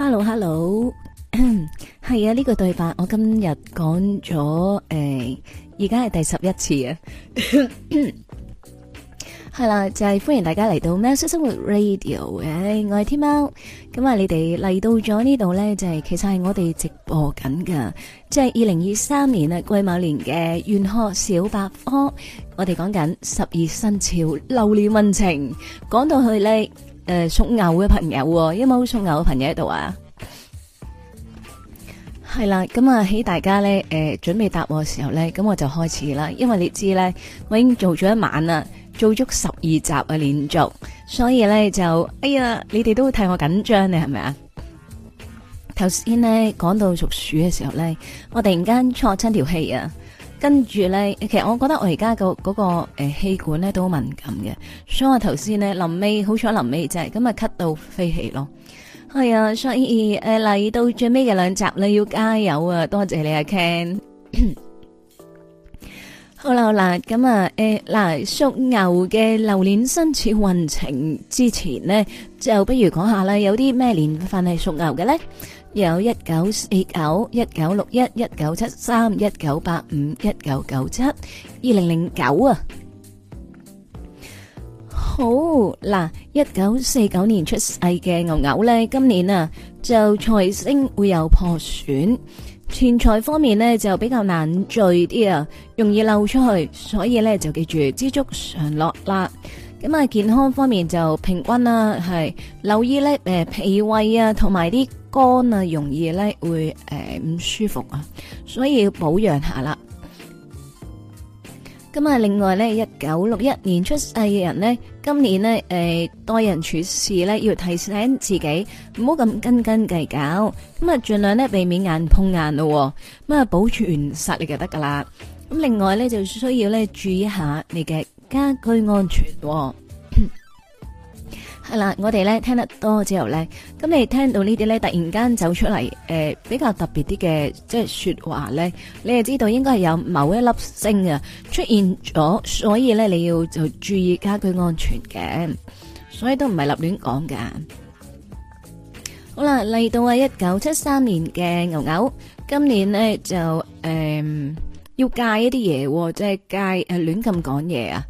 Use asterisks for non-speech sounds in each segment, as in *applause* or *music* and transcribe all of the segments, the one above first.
Hello，Hello，係 hello. *coughs* 啊！呢、這個對白我今日講咗誒，而家係第十一次啊，係啦， *coughs* *coughs* 就係、是、歡迎大家嚟到《喵式生活 Radio、欸》嘅，我係天喵。咁啊，o、你哋嚟到咗呢度咧，就係、是、其實係我哋直播緊噶，即係二零二三年啊，癸卯年嘅《玄學小百科》，我哋講緊十二生肖流年運程，講到去咧。誒、屬、呃、牛嘅朋友、哦，有冇屬牛嘅朋友喺度啊？係啦，咁 *noise* 啊樂，喺大家咧，誒、呃，準備答我嘅時候咧，咁我就開始啦，因為你知咧，我已經做咗一晚啦，做足十二集嘅連續，所以咧就，哎呀，你哋都會替我緊張，你係咪啊？頭先咧講到屬鼠嘅時候咧，我突然間錯親條氣啊！跟住咧，其實我覺得我而家、那個嗰個誒氣管咧都好敏感嘅，所以我頭先呢，臨尾好彩臨尾就係咁啊咳到飛起咯，係、哎、啊，所以誒嚟、呃、到最尾嘅兩集咧要加油啊！多謝，謝你啊，Ken。 *coughs* 好啦，啦咁啊誒嗱，屬、呃、牛嘅流年生肖運程之前呢，就不如講下啦，有啲咩年份係屬牛嘅咧？有一九四九、一九六一、一九七三、一九八五、一九九七、二零零九啊。好嗱，一九四九年出世嘅牛牛呢，今年啊就財星會有破損，錢財方面呢就比較難聚啲啊，容易漏出去，所以呢就記住知足常樂啦。咁啊，健康方面就平均啦，係留意呢誒，脾胃啊同埋啲。肝啊，容易咧會誒唔、呃、舒服啊，所以要保養下啦。咁啊，另外咧，一九六一年出世嘅人呢，今年呢，誒、呃、待人處事咧要提醒自己唔好咁斤斤計較，咁啊盡量呢，避免眼碰眼咯，咁、嗯、啊保存實力就得噶啦。咁、嗯、另外咧就需要咧注意一下你嘅家居安全喎、哦。係啦，我哋咧聽得多之後咧，咁你聽到呢啲咧突然間走出嚟，誒比較特別啲嘅即係說話咧，你係知道應該係有某一粒星啊出現咗，所以咧你要就注意家居安全嘅，所以都唔係立亂講噶。好啦，嚟到啊一九七三年嘅牛牛，今年咧就誒要戒一啲嘢，即係戒誒亂咁講嘢啊！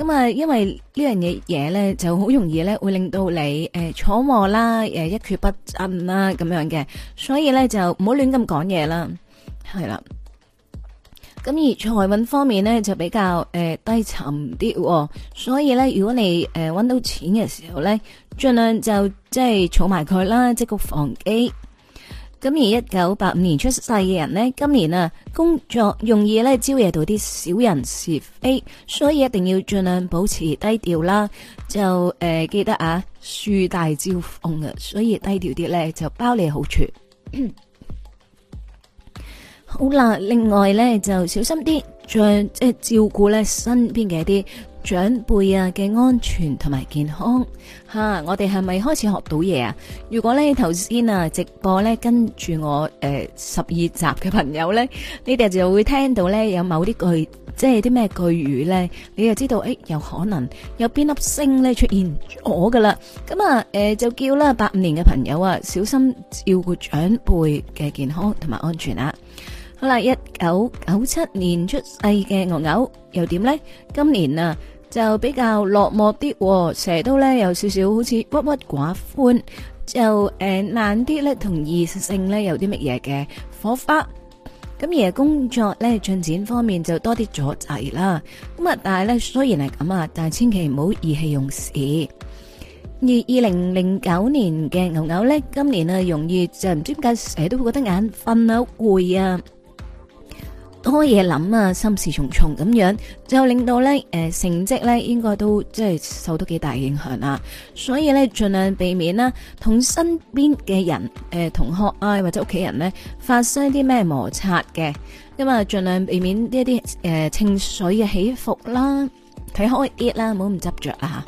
咁啊，因為樣呢樣嘢嘢咧就好容易咧會令到你誒，坐、呃、鑊啦，誒、呃、一蹶不振啦咁樣嘅，所以咧就唔好亂咁講嘢啦，係啦。咁而財運方面咧就比較誒、呃、低沉啲、哦，所以咧如果你誒搵、呃、到錢嘅時候咧，盡量就即係儲埋佢啦，積穀防饑。咁而一九八五年出世嘅人呢，今年啊工作容易呢招惹到啲小人是非，所以一定要盡量保持低調啦。就誒、呃、記得啊樹大招風啊，所以低調啲呢，就包你好處。 *coughs* 好啦，另外呢，就小心啲，再即係、呃、照顧呢身邊嘅一啲。長輩啊嘅安全同埋健康吓，啊，我哋係咪開始學到嘢啊？如果呢頭先啊直播呢，跟住我誒十二集嘅朋友呢，你哋就會聽到呢有某啲句，即係啲咩句語呢，你就知道誒，哎，有可能有邊粒星呢出現咗噶啦，咁啊誒就叫啦八五年嘅朋友啊，小心照顧長輩嘅健康同埋安全啊！好啦，一九九七年出世嘅牛牛又點咧？今年啊，就比較落寞啲，成日都咧有少少好似鬱鬱寡歡，就誒難啲咧同異性咧有啲乜嘢嘅火花。咁而工作咧進展方面就多啲阻滯啦。咁啊，但係咧雖然係咁啊，但係千祈唔好意氣用事。而二零零九年嘅牛牛咧，今年啊容易就唔知點解成日都會覺得眼瞓啊、攰啊。多嘢諗啊，心事重重咁樣，就令到咧誒、呃、成績咧應該都即係受到幾大影響啦、啊。所以咧盡量避免啦、啊呃，同身邊嘅人誒同學啊或者屋企人咧發生啲咩摩擦嘅，咁啊盡量避免一啲誒情緒嘅起伏啦，睇開啲啦，唔好唔執着啦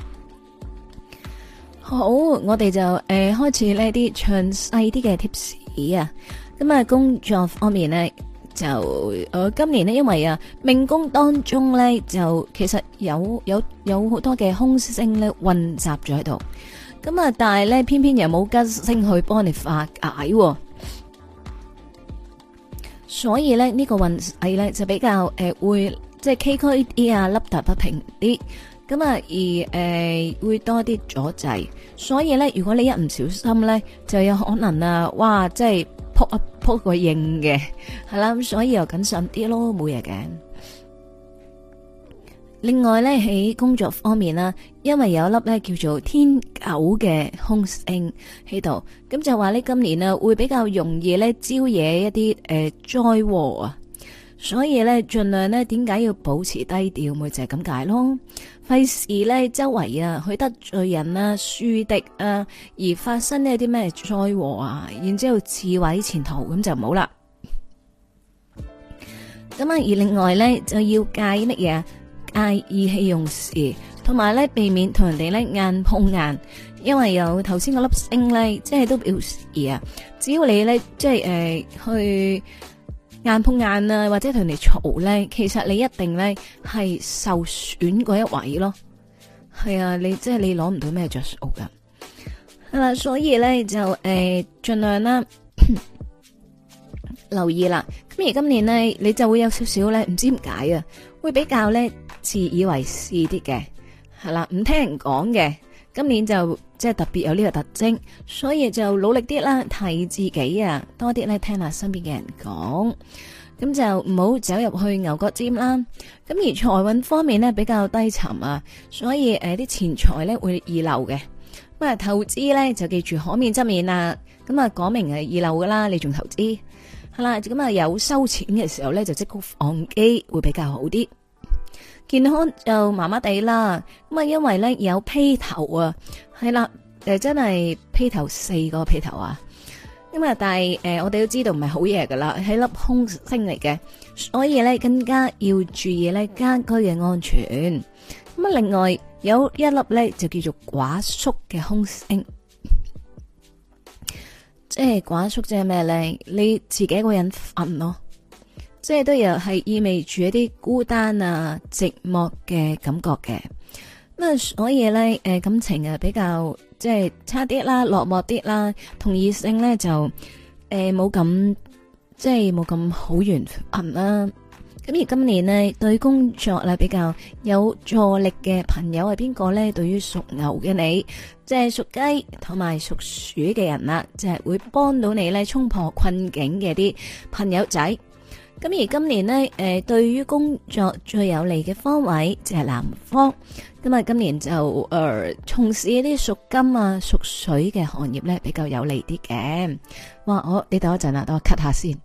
吓。好，我哋就誒、呃、開始呢啲詳細啲嘅 tips 啊，咁、嗯、啊工作方面咧。就誒，今年咧，因為啊，命宮當中咧，就其實有有有好多嘅空星咧混雜咗喺度，咁啊，但係咧，偏偏又冇吉星去幫你化解，所以咧呢個運勢咧就比較誒會即係崎嶇啲啊，凹凸不平啲，咁啊而誒會多啲阻滯，所以咧如果你一唔小心咧，就有可能啊，哇，即係扑一。撲個硬嘅，係啦，咁 *laughs* 所以又謹慎啲咯，每日嘅。另外咧喺工作方面啦，因為有一粒咧叫做天狗嘅凶星喺度，咁就話呢，今年啊會比較容易咧招惹一啲誒災禍啊，所以咧盡量呢點解要保持低調，咪就係咁解咯。費事咧，周圍啊去得罪人啊，樹敵啊，而發生呢啲咩災禍啊，然之後自毀前途咁就唔好啦。咁啊，而另外咧就要戒乜嘢，戒意氣用事，同埋咧避免同人哋咧硬碰硬，因為有頭先嗰粒星咧，即係都表示啊，只要你咧即係誒、呃、去。硬碰硬啊，或者同人哋嘈咧，其實你一定咧係受損嗰一位咯，係啊，你即係你攞唔到咩着數噶。係啦，所以咧就誒盡量啦，留意啦。咁而今年咧，你就會有少少咧，唔知點解啊，會比較咧自以為是啲嘅，係啦，唔聽人講嘅。今年就即係、就是、特別有呢個特徵，所以就努力啲啦，提自己啊，多啲咧聽下身邊嘅人講，咁就唔好走入去牛角尖啦。咁而財運方面咧比較低沉啊，所以誒啲、呃、錢財咧會易漏嘅。咁啊投資咧就記住可免則免啦。咁啊講明係易漏噶啦，你仲投資，係啦？咁啊有收錢嘅時候咧就即刻放 A 會比較好啲。健康就麻麻地啦，咁啊，因為咧有披頭啊，係啦，誒，真係披頭四個披頭啊，咁啊，但係誒，我哋都知道唔係好嘢噶啦，係粒空星嚟嘅，所以咧更加要注意咧家居嘅安全。咁啊，另外有一粒咧就叫做寡宿嘅空星，即係寡宿就係咩咧？你自己一個人瞓咯。即係都又係意味住一啲孤單啊、寂寞嘅感覺嘅，咁所以咧，誒感情啊比較即係、就是、差啲啦、落寞啲啦，同異性咧就誒冇咁即係冇咁好緣分啦。咁而今年呢，對工作呀比較有助力嘅朋友係邊個咧？對於屬牛嘅你，即係屬雞同埋屬鼠嘅人啦，就係、是、會幫到你咧衝破困境嘅啲朋友仔。咁而今年呢，誒，對於工作最有利嘅方位就係南方。咁啊，今年就誒，從事一啲屬金啊、屬水嘅行業咧，比較有利啲嘅。哇，我你等我一陣啊，等我 cut 下先。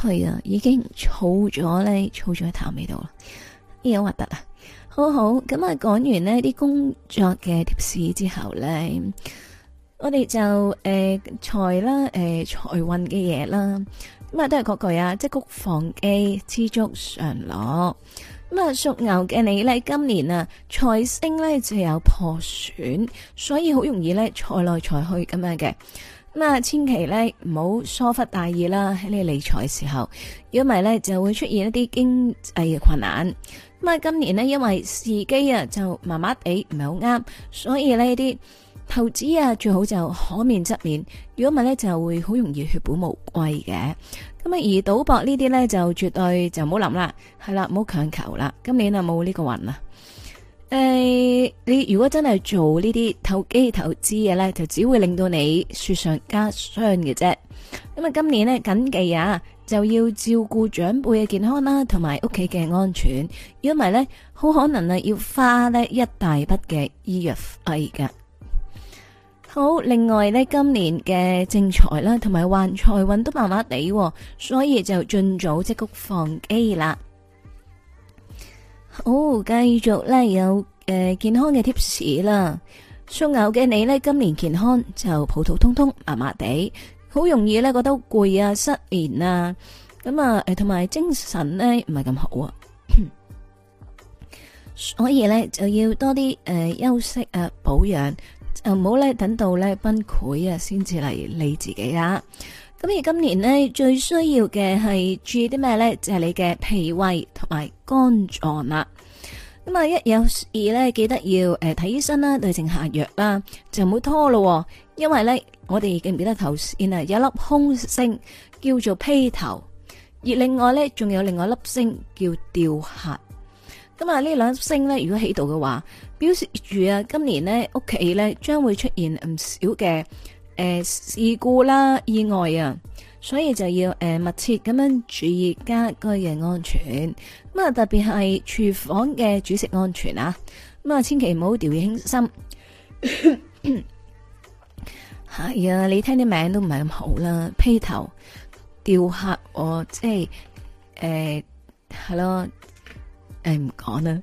係啊， *music* 已經燥咗咧，燥咗一啖味道啦。呢樣核突啊！好好咁啊，講完呢啲工作嘅貼士之後咧，我哋就誒財啦，誒財運嘅嘢啦，咁啊、欸、都係嗰句啊，即谷房機知足常樂。咁啊屬牛嘅你咧，今年啊財星咧就有破損，所以好容易咧財來財去咁樣嘅。咁啊，千祈咧唔好疏忽大意啦。喺你理財嘅時候，如果唔係咧，就會出現一啲經濟嘅困難。咁啊，今年呢因為時機啊就麻麻地唔係好啱，所以呢啲投資啊最好就可免則免。如果唔係咧，就會好容易血本無歸嘅。咁啊，而賭博呢啲咧就絕對就唔好諗啦，係啦，唔好強求啦。今年啊冇呢個運啊。誒、呃，你如果真係做呢啲投機投資嘢呢，就只會令到你雪上加霜嘅啫。咁啊，今年呢，謹記啊，就要照顧長輩嘅健康啦、啊，同埋屋企嘅安全。因為呢，好可能啊要花呢一大筆嘅醫藥費噶。好，另外呢，今年嘅正財啦、啊，同埋患財運橫財運都麻麻地，所以就盡早積穀防饑啦。好，繼、哦、續咧有誒、呃、健康嘅 tips 啦。屬牛嘅你呢，今年健康就普普通通，麻麻地，好容易呢覺得攰啊、失眠啊，咁啊誒，同、呃、埋精神呢，唔係咁好啊， *coughs* 所以呢，就要多啲誒、呃、休息誒、啊、保養，誒唔好咧等到咧崩潰啊先至嚟理自己啦、啊。咁而今年呢，最需要嘅係注意啲咩呢？就係、是、你嘅脾胃同埋肝臟啦。咁啊，一有事咧，記得要誒睇醫生啦，對症下藥啦，就唔好拖咯。因為呢，我哋記唔記得頭先啊，有一粒空星叫做披頭，而另外呢，仲有另外一粒星叫吊客。咁啊，呢兩粒星呢，如果喺度嘅話，表示住啊，今年呢，屋企呢，將會出現唔少嘅。誒，事故啦，意外啊，所以就要誒密切咁樣注意家居嘅安全。咁啊，特別係廚房嘅煮食安全啊，咁啊，千祈唔好掉以輕心。係啊、 *coughs* 哎，你聽啲名都唔係咁好啦，披頭吊客我，我即係誒係咯，誒唔講啦，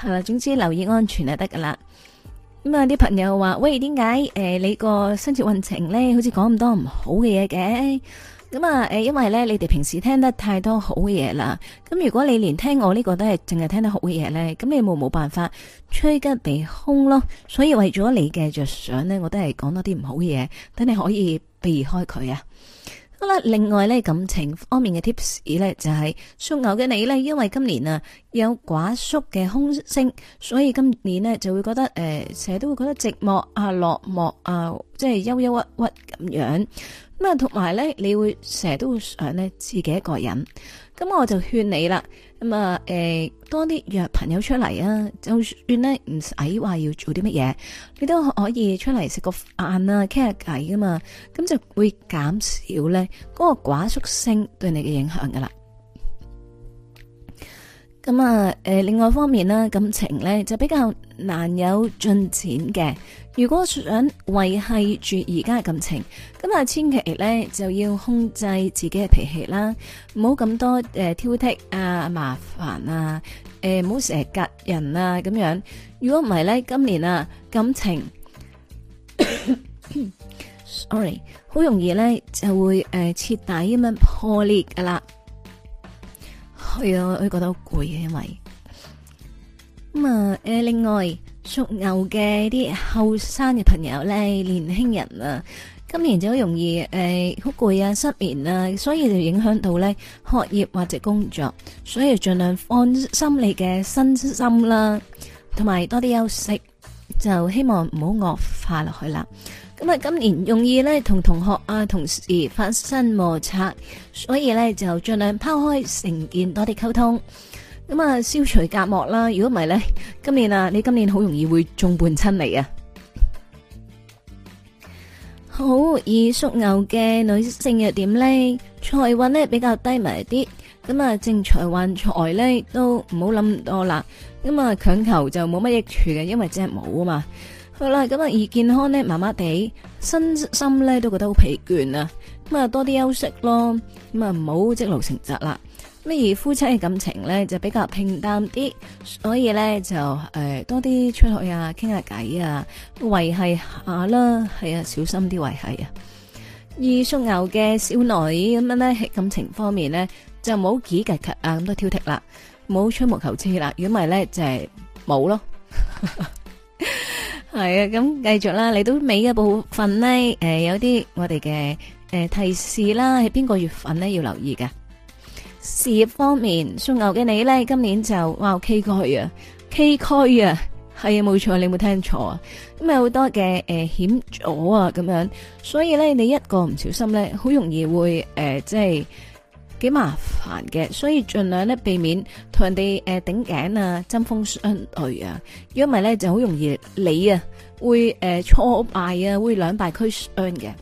係啦， *laughs* 總之留意安全就得噶啦。咁啊！啲朋友話：喂，點解誒你個生肖運程咧，好似講咁多唔好嘅嘢嘅？咁啊誒，因為咧，你哋平時聽得太多好嘅嘢啦。咁如果你連聽我呢個都係淨係聽得好嘅嘢咧，咁你冇冇辦法趨吉避凶咯？所以為咗你嘅着想咧，我都係講多啲唔好嘅嘢，等你可以避開佢啊。啦，另外呢，感情方面嘅 tips 咧，就係、是、屬牛嘅你呢，因為今年啊有寡宿嘅凶星，所以今年呢就會覺得誒成日都會覺得寂寞啊、落寞啊，即係憂憂鬱鬱咁樣。咁啊，同埋咧，你會成日都會想咧自己一個人，咁我就勸你啦。咁啊，誒，多啲約朋友出嚟啊，就算咧唔使話要做啲乜嘢，你都可以出嚟食個飯啊，傾下偈噶嘛，咁就會減少咧嗰個寡宿性對你嘅影響噶啦。咁啊，誒，另外一方面啦，感情咧就比較難有進展嘅。如果想維繫住而家嘅感情，咁啊，千祈咧就要控制自己嘅脾氣啦，唔好咁多誒挑剔啊、麻煩啊，誒、呃，唔好成日隔人啊咁樣。如果唔係咧，今年啊感情 *laughs* ，sorry，好容易咧就會誒徹底咁樣破裂噶啦。係啊，我都覺得好攰嘅，因為咁啊，誒，另外屬牛嘅啲後生嘅朋友咧，年輕人啊，今年就好容易誒，好攰啊，失眠啊，所以就影響到咧學業或者工作，所以盡量放心你嘅身心啦，同埋多啲休息，就希望唔好惡化落去啦。咁啊，今年容易咧同同學啊同事發生摩擦，所以咧就盡量拋開成見，多啲溝通，咁啊消除隔膜啦。如果唔係咧，今年啊，你今年好容易會眾叛親離啊。好，以屬牛嘅女性又點呢？財運咧比較低迷啲，咁啊，正財運財咧都唔好諗多啦。咁啊，強求就冇乜益處嘅，因為真係冇啊嘛。好啦，咁啊、嗯，而健康咧麻麻地，身心咧都覺得好疲倦啊，咁啊多啲休息咯，咁啊唔好積勞成疾啦。咁而夫妻嘅感情咧就比較平淡啲，所以咧就誒、呃、多啲出去啊傾下偈啊，維繫下啦，係啊小心啲維繫啊。而屬牛嘅少女咁樣咧，感情方面咧就冇幾拮拮啊咁多挑剔啦，冇吹毛求疵啦，如果咪咧就係、是、冇咯。 *laughs* 係啊，咁繼續啦，嚟到尾嘅部分咧，誒、呃，有啲我哋嘅誒提示啦，係邊個月份咧要留意㗎？事業方面，屬牛嘅你咧，今年就哇 K 區啊，K 區啊、er,，係啊、er,，冇錯，你有冇聽錯、呃、啊？咁有好多嘅誒險阻啊，咁樣，所以咧你一個唔小心咧，好容易會誒、呃、即係。幾麻煩嘅，所以盡量咧避免同人哋誒頂頸啊、針鋒相對啊，如果唔係咧就好容易理啊會誒、呃、挫敗啊，會兩敗俱傷嘅。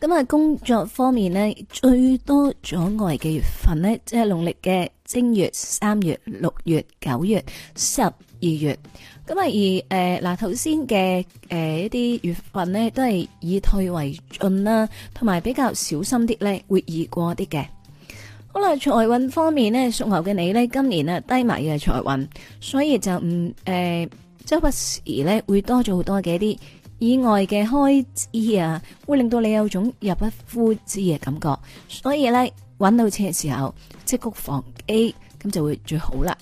咁啊，工作方面咧最多阻礙嘅月份咧，即係農曆嘅正月、三月、六月、九月、十二月。咁啊，而誒嗱頭先嘅誒一啲月份呢，都係以退為進啦，同埋比較小心啲呢會易過啲嘅。好啦，財運方面呢，屬牛嘅你呢，今年呢，低迷嘅財運，所以就唔誒，周、呃、不時呢，會多咗好多嘅一啲意外嘅開支啊，會令到你有種入不敷支嘅感覺。所以呢，揾到錢嘅時候，積穀防饑，咁就會最好啦。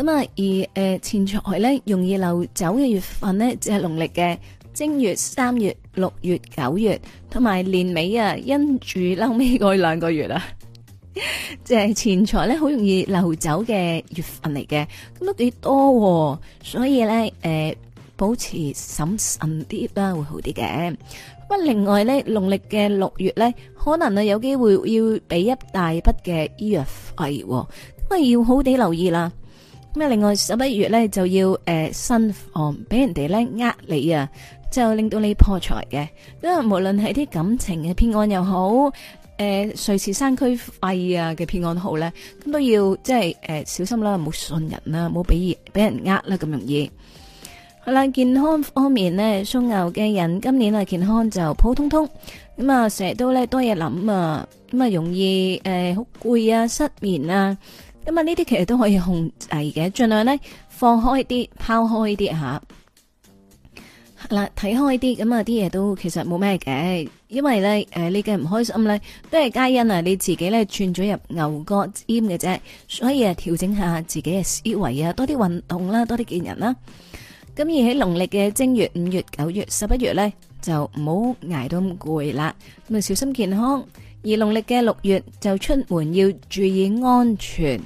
咁啊、嗯，而誒，錢財咧容易流走嘅月份咧，就係農曆嘅正月、三月、六月、九月，同埋年尾啊，因住嬲尾嗰兩個月啊，即係錢財咧好容易流走嘅月份嚟嘅，咁都幾多、哦，所以咧誒、呃，保持審慎啲啦，會好啲嘅。咁、嗯、不過另外咧，農曆嘅六月咧，可能啊有機會要俾一大筆嘅醫藥費、哦，咁、嗯、啊要好地留意啦。咁啊！另外十一月咧就要誒，心、呃、房俾人哋咧呃你啊，就令到你破財嘅。因為無論係啲感情嘅騙案又好，誒瑞士山區肺啊嘅騙案好咧，咁都要即係誒小心啦，唔好信人啦、啊，唔好俾人俾人呃啦，咁容易。係、嗯、啦，健康方面咧，屬牛嘅人今年啊，健康就普通通。咁、嗯、啊，成日都咧多嘢諗啊，咁、嗯、啊容易誒好攰啊，失眠啊。咁啊，呢啲其實都可以控制嘅，儘量呢，放開啲，拋開啲嚇。嗱，睇開啲，咁啊啲嘢都其實冇咩嘅，因為咧誒、呃、你嘅唔開心咧都係皆因啊你自己咧串咗入牛角尖嘅啫，所以啊調整下自己嘅思維啊，多啲運動啦，多啲見人啦。咁而喺農曆嘅正月、五月、九月、十一月咧，就唔好捱到咁攰啦，咪小心健康。而農曆嘅六月就出門要注意安全，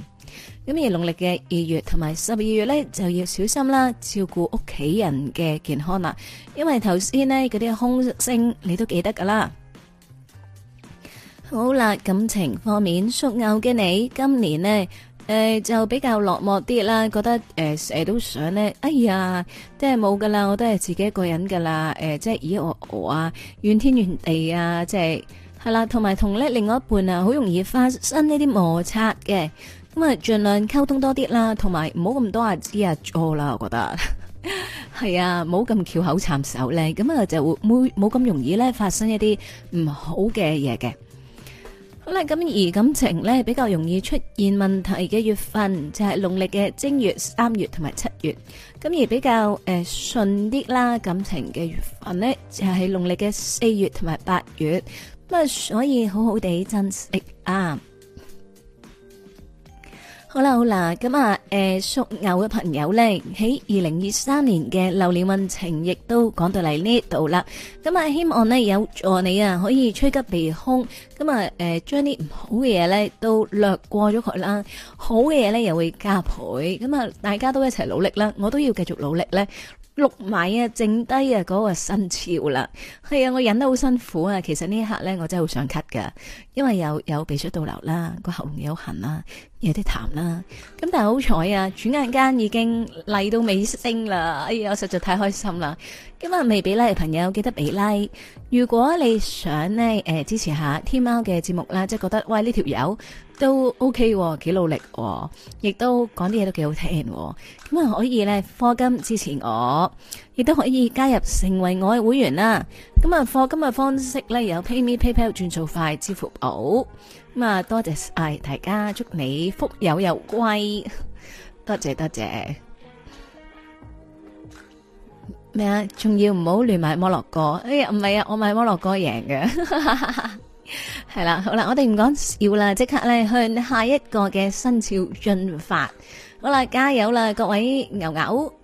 咁而農曆嘅二月同埋十二月咧就要小心啦，照顧屋企人嘅健康啦，因為頭先咧嗰啲空星你都記得噶啦。好啦，感情方面，屬牛嘅你今年咧，誒就比較落寞啲啦，覺得誒成日都想咧，哎呀，即係冇噶啦，我都係自己一個人噶啦，誒即係咦我我啊，怨天怨地啊，即係。係啦，同埋同咧另外一半啊，好容易發生呢啲摩擦嘅，咁啊盡量溝通多啲啦，同埋唔好咁多日字啊做啦，我覺得係啊，冇咁巧口插手咧，咁啊就會冇冇咁容易咧發生一啲唔好嘅嘢嘅。好啦，咁而感情咧比較容易出現問題嘅月份就係農曆嘅正月、三月同埋七月，咁而比較誒順啲啦感情嘅月份咧就係農曆嘅四月同埋八月。所以好好地珍惜啊！好啦好啦，咁啊誒，屬牛嘅朋友呢，喺二零二三年嘅流年運程亦都講到嚟呢度啦。咁啊，希望呢有助你啊，可以趨吉避凶。咁啊誒，將啲唔好嘅嘢呢都略過咗佢啦，好嘅嘢呢又會加倍。咁啊，大家都一齊努力啦，我都要繼續努力呢。錄埋啊，剩低啊，嗰個新潮啦，係啊，我忍得好辛苦啊，其實呢一刻咧，我真係好想咳噶，因為有有鼻水倒流啦，個喉嚨有痕啦。有啲淡啦，咁但係好彩啊！轉眼間已經嚟到尾聲啦，哎呀，我實在太開心啦！今日未俾 like 嘅朋友記得俾 like。如果你想呢誒支持下天喵嘅節目啦，即係覺得喂呢條友都 OK，幾努力，亦都講啲嘢都幾好聽，咁啊可以呢課金支持我，亦都可以加入成為我嘅會員啦。咁啊課金嘅方式呢，有 PayMe、PayPal、轉數快、支付寶。咁啊，多謝晒，哎，大家祝你福有又貴，多謝多謝。咩啊？仲要唔好亂買摩洛哥？哎呀，唔係啊，我買摩洛哥贏嘅，係啦，好啦，我哋唔講笑啦，即刻咧向下一個嘅生肖進發，好啦，加油啦，各位牛牛。